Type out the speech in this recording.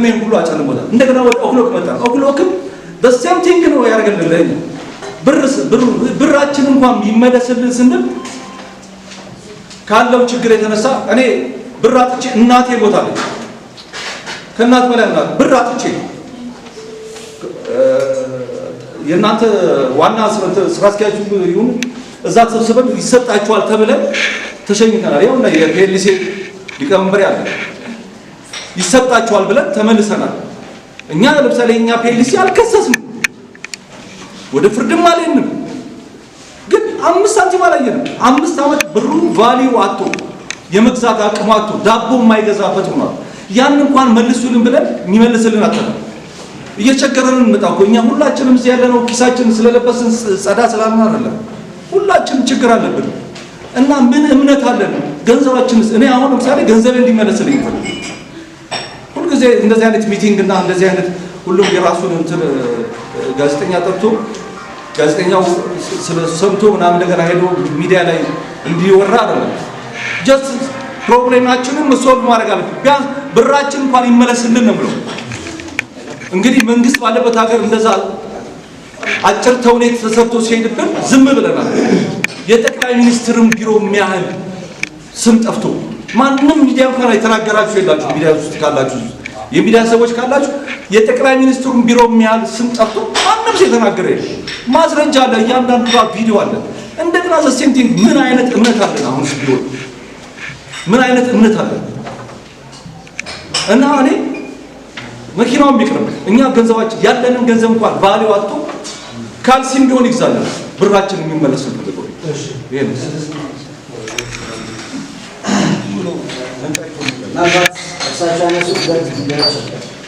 እድሜም ሁሉ አጨልሞታል። እንደገና ወደ ኦክሎክ መጣን። ኦክሎክም በሴም ቲንግ ነው ያደርግልን። ብራችን እንኳን ይመለስልን ስንል ካለው ችግር የተነሳ እኔ ብር አጥቼ እናቴ ሞታለች። ከእናት በላይ ናት። ብር አጥቼ የእናንተ ዋና ስራ አስኪያጅ ይሁን እዛ ተሰብስበን ይሰጣችኋል ተብለን ተሸኝተናል። ያው እና የፒኤልሲ ሊቀመንበር ያለ ይሰጣቸዋል ብለን ተመልሰናል። እኛ ለምሳሌ እኛ ፔሊሲ አልከሰስም፣ ወደ ፍርድም አልሄድንም። ግን አምስት ሳንቲም አላየንም። አምስት ዓመት ብሩ ቫሊዩ አቶ የመግዛት አቅሙ አቶ ዳቦ የማይገዛበት ሆኗል። ያን እንኳን መልሱልን ብለን የሚመልስልን አጥተን እየቸገረን እንመጣ እኮ እኛ ሁላችንም እዚህ ያለነው ኪሳችን ስለለበስን ጸዳ ስላልን አይደለም። ሁላችንም ችግር አለብን እና ምን እምነት አለን? ገንዘባችንስ እኔ አሁን ለምሳሌ ገንዘብ እንዲመለስልኝ ይፈልጋል እንደዚህ አይነት ሚቲንግ እና እንደዚህ አይነት ሁሉም የራሱን እንትን ጋዜጠኛ ጠርቶ ጋዜጠኛው ሰምቶ ምናምን ነገር ሄዶ ሚዲያ ላይ እንዲወራ አይደለም። ጀስት ፕሮብሌማችንን ሶልቭ ማድረግ አለ። ቢያንስ ብራችን እንኳን ይመለስልን ነው ብለው እንግዲህ መንግስት ባለበት ሀገር እንደዛ አጭር ተውኔት ተሰርቶ ሲሄድብን ዝም ብለናል። የጠቅላይ ሚኒስትርም ቢሮ የሚያህል ስም ጠፍቶ ማንም ሚዲያ እንኳን የተናገራችሁ የላችሁ ሚዲያ ውስጥ ካላችሁ የሚዲያ ሰዎች ካላችሁ የጠቅላይ ሚኒስትሩን ቢሮ የሚያህል ስም ጠርቶ ማንም ሰው የተናገረ የለም። ማስረጃ አለ፣ እያንዳንዱ ጋር ቪዲዮ አለ። እንደገና ዘሴንቲንግ ምን አይነት እምነት አለን? አሁን ቢሮ ምን አይነት እምነት አለን? እና እኔ መኪናውን ቢቅርም እኛ ገንዘባችን ያለንን ገንዘብ እንኳን ቫሊው አጥቶ ካልሲም ቢሆን ይግዛለን ብራችን የሚመለስ ነው። ይሄ 实际上，是不干不干的。